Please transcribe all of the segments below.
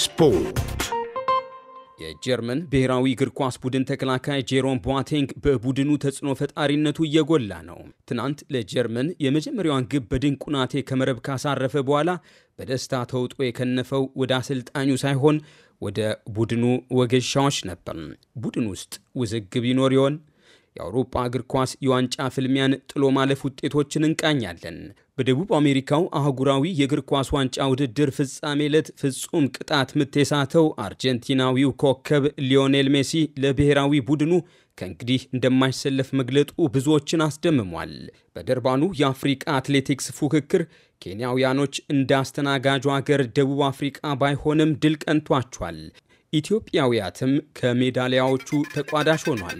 ስፖርት የጀርመን ብሔራዊ እግር ኳስ ቡድን ተከላካይ ጄሮም ቧቴንግ በቡድኑ ተጽዕኖ ፈጣሪነቱ እየጎላ ነው። ትናንት ለጀርመን የመጀመሪያዋን ግብ በድንቁናቴ ከመረብ ካሳረፈ በኋላ በደስታ ተውጦ የከነፈው ወደ አሰልጣኙ ሳይሆን ወደ ቡድኑ ወገሻዎች ነበር። ቡድን ውስጥ ውዝግብ ይኖር ይሆን? የአውሮፓ እግር ኳስ የዋንጫ ፍልሚያን ጥሎ ማለፍ ውጤቶችን እንቃኛለን። በደቡብ አሜሪካው አህጉራዊ የእግር ኳስ ዋንጫ ውድድር ፍጻሜ ዕለት ፍጹም ቅጣት ምት የሳተው አርጀንቲናዊው ኮከብ ሊዮኔል ሜሲ ለብሔራዊ ቡድኑ ከእንግዲህ እንደማይሰለፍ መግለጡ ብዙዎችን አስደምሟል። በደርባኑ የአፍሪቃ አትሌቲክስ ፉክክር ኬንያውያኖች እንደ አስተናጋጇ አገር ደቡብ አፍሪቃ ባይሆንም ድል ቀንቷቸዋል። ኢትዮጵያውያትም ከሜዳሊያዎቹ ተቋዳሽ ሆኗል።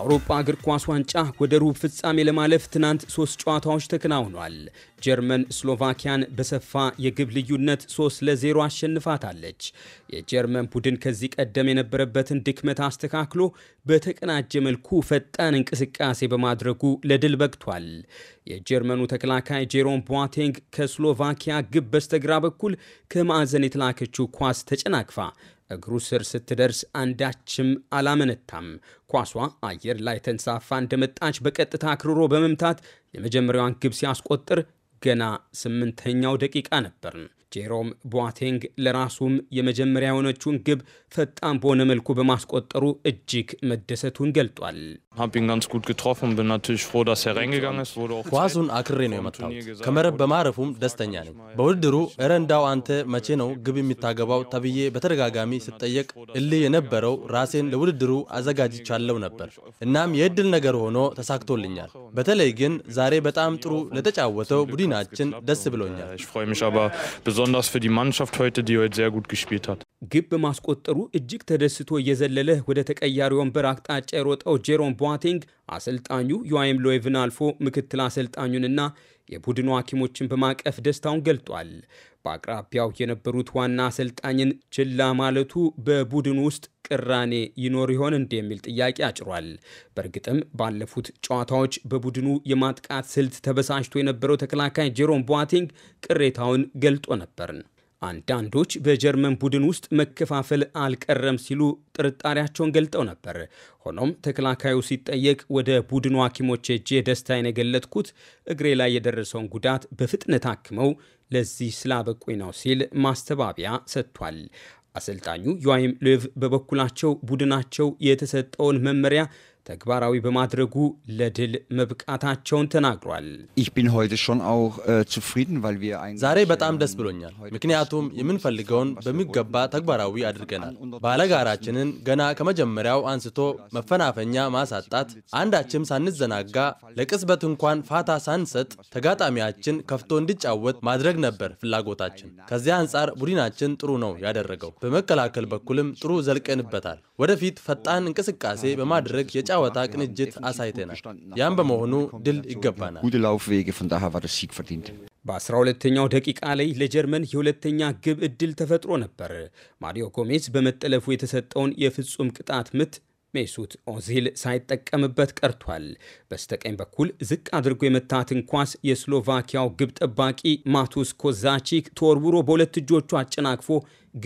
የአውሮፓ እግር ኳስ ዋንጫ ወደ ሩብ ፍጻሜ ለማለፍ ትናንት ሶስት ጨዋታዎች ተከናውኗል። ጀርመን ስሎቫኪያን በሰፋ የግብ ልዩነት 3 ለዜሮ አሸንፋታለች። የጀርመን ቡድን ከዚህ ቀደም የነበረበትን ድክመት አስተካክሎ በተቀናጀ መልኩ ፈጣን እንቅስቃሴ በማድረጉ ለድል በቅቷል። የጀርመኑ ተከላካይ ጄሮም ቧቴንግ ከስሎቫኪያ ግብ በስተግራ በኩል ከማዕዘን የተላከችው ኳስ ተጨናግፋ? እግሩ ስር ስትደርስ አንዳችም አላመነታም። ኳሷ አየር ላይ ተንሳፋ እንደመጣች በቀጥታ አክርሮ በመምታት የመጀመሪያዋን ግብ ሲያስቆጥር ገና ስምንተኛው ደቂቃ ነበር። ጄሮም ቧቴንግ ለራሱም የመጀመሪያ የሆነችውን ግብ ፈጣን በሆነ መልኩ በማስቆጠሩ እጅግ መደሰቱን ገልጧል። er ኳሱን አክሬ ነው የመታሁት። ከመረብ በማረፉም ደስተኛ ነኝ። በውድድሩ እረንዳው አንተ መቼ ነው ግብ የሚታገባው ተብዬ በተደጋጋሚ ስጠየቅ እልህ የነበረው ራሴን ለውድድሩ አዘጋጅቻለሁ ነበር። እናም የእድል ነገር ሆኖ ተሳክቶልኛል። በተለይ ግን ዛሬ በጣም ጥሩ ለተጫወተው ቡድናችን ደስ ብሎኛል። besonders für die Mannschaft heute, die heute sehr gut gespielt hat። ግብ በማስቆጠሩ እጅግ ተደስቶ እየዘለለ ወደ ተቀያሪ ወንበር አቅጣጫ የሮጠው ጄሮም ቧቴንግ አሰልጣኙ ዮአይም ሎይቭን አልፎ ምክትል አሰልጣኙንና የቡድኑ ሐኪሞችን በማቀፍ ደስታውን ገልጧል። በአቅራቢያው የነበሩት ዋና አሰልጣኝን ችላ ማለቱ በቡድን ውስጥ ቅራኔ ይኖር ይሆን እንዲ የሚል ጥያቄ አጭሯል። በእርግጥም ባለፉት ጨዋታዎች በቡድኑ የማጥቃት ስልት ተበሳጭቶ የነበረው ተከላካይ ጄሮም ቧቲንግ ቅሬታውን ገልጦ ነበርን። አንዳንዶች በጀርመን ቡድን ውስጥ መከፋፈል አልቀረም ሲሉ ጥርጣሬያቸውን ገልጠው ነበር። ሆኖም ተከላካዩ ሲጠየቅ ወደ ቡድኑ ሐኪሞች ሄጄ ደስታዬን የገለጥኩት እግሬ ላይ የደረሰውን ጉዳት በፍጥነት አክመው ለዚህ ስላበቁኝ ነው ሲል ማስተባበያ ሰጥቷል። አሰልጣኙ ዮዋይም ልቭ በበኩላቸው ቡድናቸው የተሰጠውን መመሪያ ተግባራዊ በማድረጉ ለድል መብቃታቸውን ተናግሯል። äh, ዛሬ በጣም ደስ ብሎኛል፣ ምክንያቱም የምንፈልገውን በሚገባ ተግባራዊ አድርገናል። ባለጋራችንን ገና ከመጀመሪያው አንስቶ መፈናፈኛ ማሳጣት፣ አንዳችም ሳንዘናጋ፣ ለቅጽበት እንኳን ፋታ ሳንሰጥ ተጋጣሚያችን ከፍቶ እንዲጫወት ማድረግ ነበር ፍላጎታችን። ከዚያ አንጻር ቡድናችን ጥሩ ነው ያደረገው። በመከላከል በኩልም ጥሩ ዘልቀንበታል። ወደፊት ፈጣን እንቅስቃሴ በማድረግ የጨዋታ ቅንጅት አሳይተናል። ያም በመሆኑ ድል ይገባናል። 12 ተኛው ደቂቃ ላይ ለጀርመን የሁለተኛ ግብ እድል ተፈጥሮ ነበር። ማሪዮ ጎሜዝ በመጠለፉ የተሰጠውን የፍጹም ቅጣት ምት ሜሱት ኦዚል ሳይጠቀምበት ቀርቷል። በስተቀኝ በኩል ዝቅ አድርጎ የመታትን ኳስ የስሎቫኪያው ግብ ጠባቂ ማቱስ ኮዛቺክ ተወርውሮ በሁለት እጆቹ አጨናቅፎ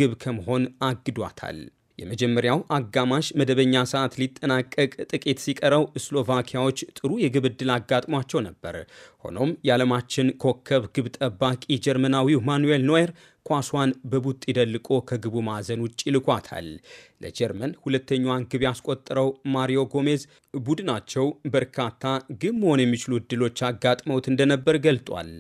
ግብ ከመሆን አግዷታል። የመጀመሪያው አጋማሽ መደበኛ ሰዓት ሊጠናቀቅ ጥቂት ሲቀረው ስሎቫኪያዎች ጥሩ የግብ ዕድል አጋጥሟቸው ነበር። ሆኖም የዓለማችን ኮከብ ግብ ጠባቂ ጀርመናዊው ማኑኤል ኖየር ኳሷን በቡጢ ደልቆ ከግቡ ማዕዘን ውጭ ይልኳታል። ለጀርመን ሁለተኛዋን ግብ ያስቆጠረው ማሪዮ ጎሜዝ ቡድናቸው በርካታ ግብ መሆን የሚችሉ ዕድሎች አጋጥመውት እንደነበር ገልጧል።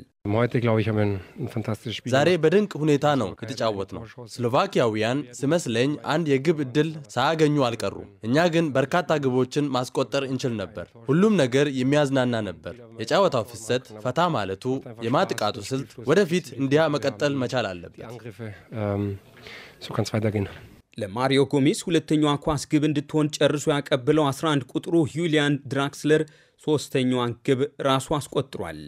ዛሬ በድንቅ ሁኔታ ነው የተጫወት ነው። ስሎቫኪያውያን ሲመስለኝ አንድ የግብ እድል ሳያገኙ አልቀሩም። እኛ ግን በርካታ ግቦችን ማስቆጠር እንችል ነበር። ሁሉም ነገር የሚያዝናና ነበር። የጨዋታው ፍሰት፣ ፈታ ማለቱ፣ የማጥቃቱ ስልት ወደፊት እንዲያ መቀጠል መቻል አለበት። ለማሪዮ ጎሜዝ ሁለተኛዋ ኳስ ግብ እንድትሆን ጨርሶ ያቀብለው 11 ቁጥሩ ዩሊያን ድራክስለር ሶስተኛዋን ግብ ራሱ አስቆጥሯል።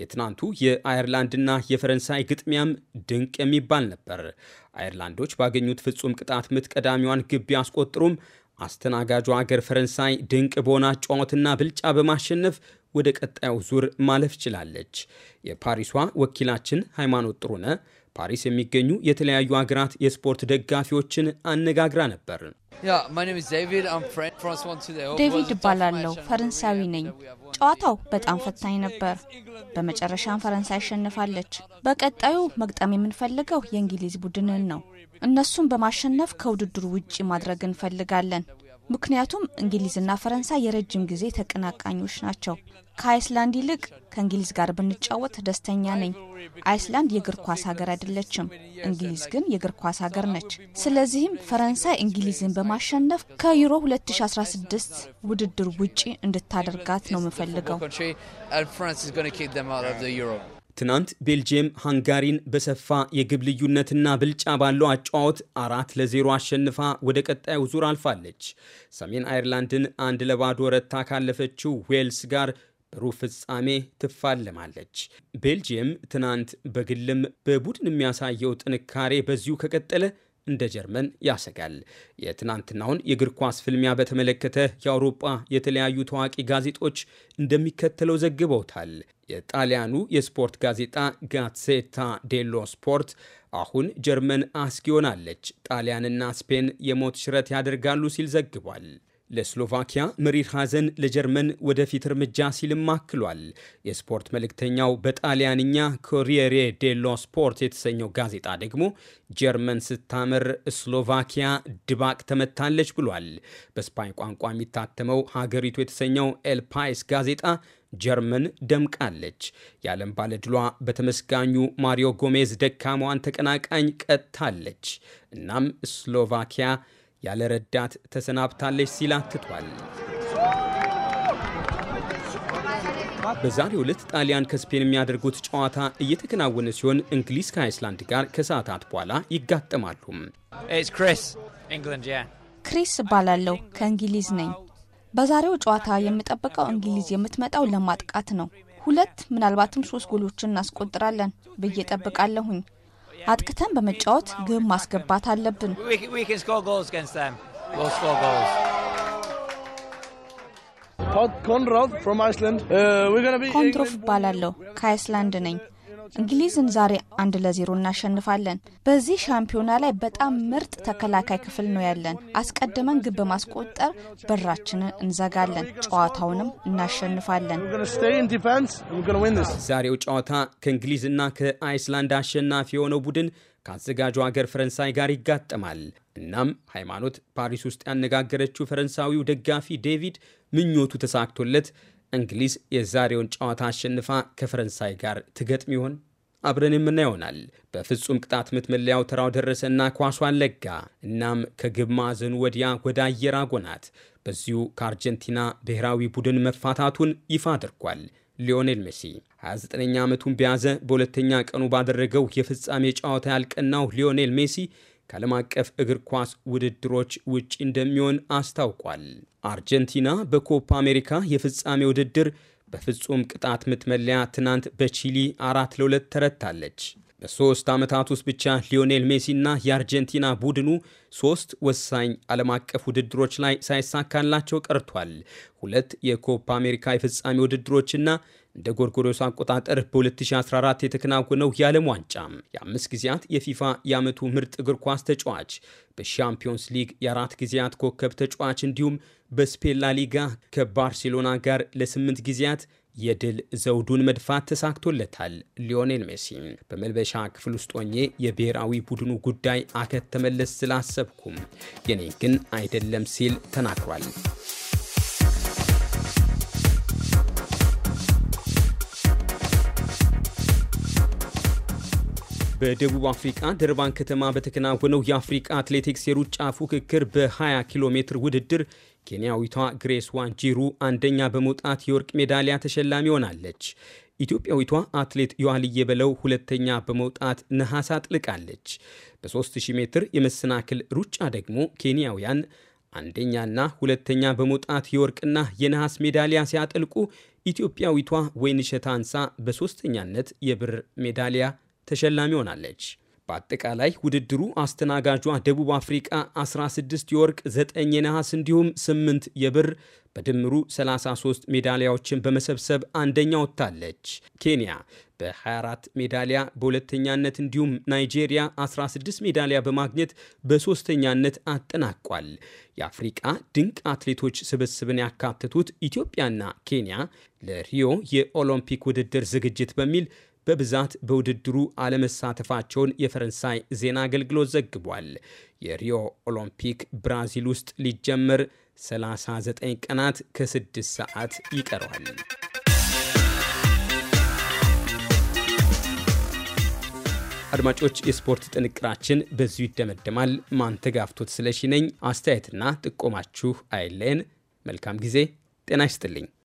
የትናንቱ የአየርላንድና የፈረንሳይ ግጥሚያም ድንቅ የሚባል ነበር። አየርላንዶች ባገኙት ፍጹም ቅጣት ምት ቀዳሚዋን ግብ ቢያስቆጥሩም አስተናጋጇ አገር ፈረንሳይ ድንቅ በሆነ ጨዋታና ብልጫ በማሸነፍ ወደ ቀጣዩ ዙር ማለፍ ችላለች። የፓሪሷ ወኪላችን ሃይማኖት ጥሩነ ፓሪስ የሚገኙ የተለያዩ ሀገራት የስፖርት ደጋፊዎችን አነጋግራ ነበር። oh, ዴቪድ እባላለሁ፣ uh, ፈረንሳዊ ነኝ። ጨዋታው በጣም ፈታኝ ነበር። በመጨረሻም ፈረንሳይ አሸንፋለች። በቀጣዩ መግጠም የምንፈልገው የእንግሊዝ ቡድንን ነው። እነሱን በማሸነፍ ከውድድሩ ውጪ ማድረግ እንፈልጋለን። ምክንያቱም እንግሊዝና ፈረንሳይ የረጅም ጊዜ ተቀናቃኞች ናቸው። ከአይስላንድ ይልቅ ከእንግሊዝ ጋር ብንጫወት ደስተኛ ነኝ። አይስላንድ የእግር ኳስ ሀገር አይደለችም፣ እንግሊዝ ግን የእግር ኳስ ሀገር ነች። ስለዚህም ፈረንሳይ እንግሊዝን በማሸነፍ ከዩሮ 2016 ውድድር ውጪ እንድታደርጋት ነው የምፈልገው። ትናንት ቤልጅየም ሃንጋሪን በሰፋ የግብ ልዩነትና ብልጫ ባለው አጫዋት አራት ለዜሮ አሸንፋ ወደ ቀጣዩ ዙር አልፋለች። ሰሜን አይርላንድን አንድ ለባዶ ረታ ካለፈችው ዌልስ ጋር ሩብ ፍጻሜ ትፋለማለች። ቤልጅየም ትናንት በግልም በቡድን የሚያሳየው ጥንካሬ በዚሁ ከቀጠለ እንደ ጀርመን ያሰጋል። የትናንትናውን የእግር ኳስ ፍልሚያ በተመለከተ የአውሮጳ የተለያዩ ታዋቂ ጋዜጦች እንደሚከተለው ዘግበውታል። የጣሊያኑ የስፖርት ጋዜጣ ጋዜታ ዴሎ ስፖርት አሁን ጀርመን አስጊ ሆናለች፣ ጣሊያንና ስፔን የሞት ሽረት ያደርጋሉ ሲል ዘግቧል። ለስሎቫኪያ መሪር ሐዘን፣ ለጀርመን ወደፊት እርምጃ ሲልም አክሏል። የስፖርት መልእክተኛው በጣሊያንኛ ኮሪየሬ ዴሎ ስፖርት የተሰኘው ጋዜጣ ደግሞ ጀርመን ስታምር ስሎቫኪያ ድባቅ ተመታለች ብሏል። በስፓኝ ቋንቋ የሚታተመው ሀገሪቱ የተሰኘው ኤልፓይስ ጋዜጣ ጀርመን ደምቃለች፣ የዓለም ባለድሏ በተመስጋኙ ማሪዮ ጎሜዝ ደካማዋን ተቀናቃኝ ቀጥታለች። እናም ስሎቫኪያ ያለ ረዳት ተሰናብታለች ሲል አትቷል። በዛሬ ዕለት ጣሊያን ከስፔን የሚያደርጉት ጨዋታ እየተከናወነ ሲሆን እንግሊዝ ከአይስላንድ ጋር ከሰዓታት በኋላ ይጋጠማሉ። ክሪስ እባላለሁ፣ ከእንግሊዝ ነኝ። በዛሬው ጨዋታ የምጠብቀው እንግሊዝ የምትመጣው ለማጥቃት ነው። ሁለት ምናልባትም ሶስት ጎሎችን እናስቆጥራለን ብዬ ጠብቃለሁኝ። አጥቅተን በመጫወት ግብ ማስገባት አለብን። ኮንትሮፍ uh, እባላለሁ፣ ከአይስላንድ ነኝ። እንግሊዝን ዛሬ አንድ ለዜሮ እናሸንፋለን። በዚህ ሻምፒዮና ላይ በጣም ምርጥ ተከላካይ ክፍል ነው ያለን። አስቀድመን ግብ በማስቆጠር በራችንን እንዘጋለን፣ ጨዋታውንም እናሸንፋለን። ዛሬው ጨዋታ ከእንግሊዝና ከአይስላንድ አሸናፊ የሆነው ቡድን ከአዘጋጁ ሀገር ፈረንሳይ ጋር ይጋጠማል። እናም ሃይማኖት ፓሪስ ውስጥ ያነጋገረችው ፈረንሳዊው ደጋፊ ዴቪድ ምኞቱ ተሳክቶለት እንግሊዝ የዛሬውን ጨዋታ አሸንፋ ከፈረንሳይ ጋር ትገጥም ይሆን? አብረን የምና ይሆናል። በፍጹም ቅጣት ምት መለያው ተራው ደረሰና ኳሷ ለጋ። እናም ከግብ ማዕዘኑ ወዲያ ወደ አየር አጎናት። በዚሁ ከአርጀንቲና ብሔራዊ ቡድን መፋታቱን ይፋ አድርጓል። ሊዮኔል ሜሲ 29ኛ ዓመቱን በያዘ በሁለተኛ ቀኑ ባደረገው የፍጻሜ ጨዋታ ያልቀናው ሊዮኔል ሜሲ ከዓለም አቀፍ እግር ኳስ ውድድሮች ውጭ እንደሚሆን አስታውቋል። አርጀንቲና በኮፓ አሜሪካ የፍጻሜ ውድድር በፍጹም ቅጣት ምት መለያ ትናንት በቺሊ አራት ለሁለት ተረታለች። በሶስት ዓመታት ውስጥ ብቻ ሊዮኔል ሜሲና የአርጀንቲና ቡድኑ ሶስት ወሳኝ ዓለም አቀፍ ውድድሮች ላይ ሳይሳካላቸው ቀርቷል። ሁለት የኮፓ አሜሪካ የፍጻሜ ውድድሮችና እንደ ጎርጎሮስ አቆጣጠር በ2014 የተከናወነው የዓለም ዋንጫ የአምስት ጊዜያት የፊፋ የዓመቱ ምርጥ እግር ኳስ ተጫዋች በሻምፒዮንስ ሊግ የአራት ጊዜያት ኮከብ ተጫዋች እንዲሁም በስፔን ላ ሊጋ ከባርሴሎና ጋር ለስምንት ጊዜያት የድል ዘውዱን መድፋት ተሳክቶለታል። ሊዮኔል ሜሲ በመልበሻ ክፍል ውስጥ ሆኜ የብሔራዊ ቡድኑ ጉዳይ አከተመለስ ስላሰብኩም የኔ ግን አይደለም ሲል ተናግሯል። በደቡብ አፍሪካ ደርባን ከተማ በተከናወነው የአፍሪካ አትሌቲክስ የሩጫ ፉክክር በ20 ኪሎ ሜትር ውድድር ኬንያዊቷ ግሬስ ዋንጂሩ አንደኛ በመውጣት የወርቅ ሜዳሊያ ተሸላሚ ሆናለች። ኢትዮጵያዊቷ አትሌት ዮአልየ በለው ሁለተኛ በመውጣት ነሐስ አጥልቃለች። በ3000 ሜትር የመሰናክል ሩጫ ደግሞ ኬንያውያን አንደኛና ሁለተኛ በመውጣት የወርቅና የነሐስ ሜዳሊያ ሲያጠልቁ ኢትዮጵያዊቷ ወይንሸት አንሳ በሦስተኛነት የብር ሜዳሊያ ተሸላሚ ሆናለች። በአጠቃላይ ውድድሩ አስተናጋጇ ደቡብ አፍሪቃ 16 የወርቅ 9 የነሐስ እንዲሁም 8 የብር በድምሩ 33 ሜዳሊያዎችን በመሰብሰብ አንደኛ ወጥታለች። ኬንያ በ24 ሜዳሊያ በሁለተኛነት እንዲሁም ናይጄሪያ 16 ሜዳሊያ በማግኘት በሦስተኛነት አጠናቋል። የአፍሪቃ ድንቅ አትሌቶች ስብስብን ያካተቱት ኢትዮጵያና ኬንያ ለሪዮ የኦሎምፒክ ውድድር ዝግጅት በሚል በብዛት በውድድሩ አለመሳተፋቸውን የፈረንሳይ ዜና አገልግሎት ዘግቧል። የሪዮ ኦሎምፒክ ብራዚል ውስጥ ሊጀመር 39 ቀናት ከ6 ሰዓት ይቀረዋል። አድማጮች፣ የስፖርት ጥንቅራችን በዚሁ ይደመደማል። ማንተጋፍቶት ስለሺ ነኝ። አስተያየትና ጥቆማችሁ አይለን መልካም ጊዜ። ጤና ይስጥልኝ።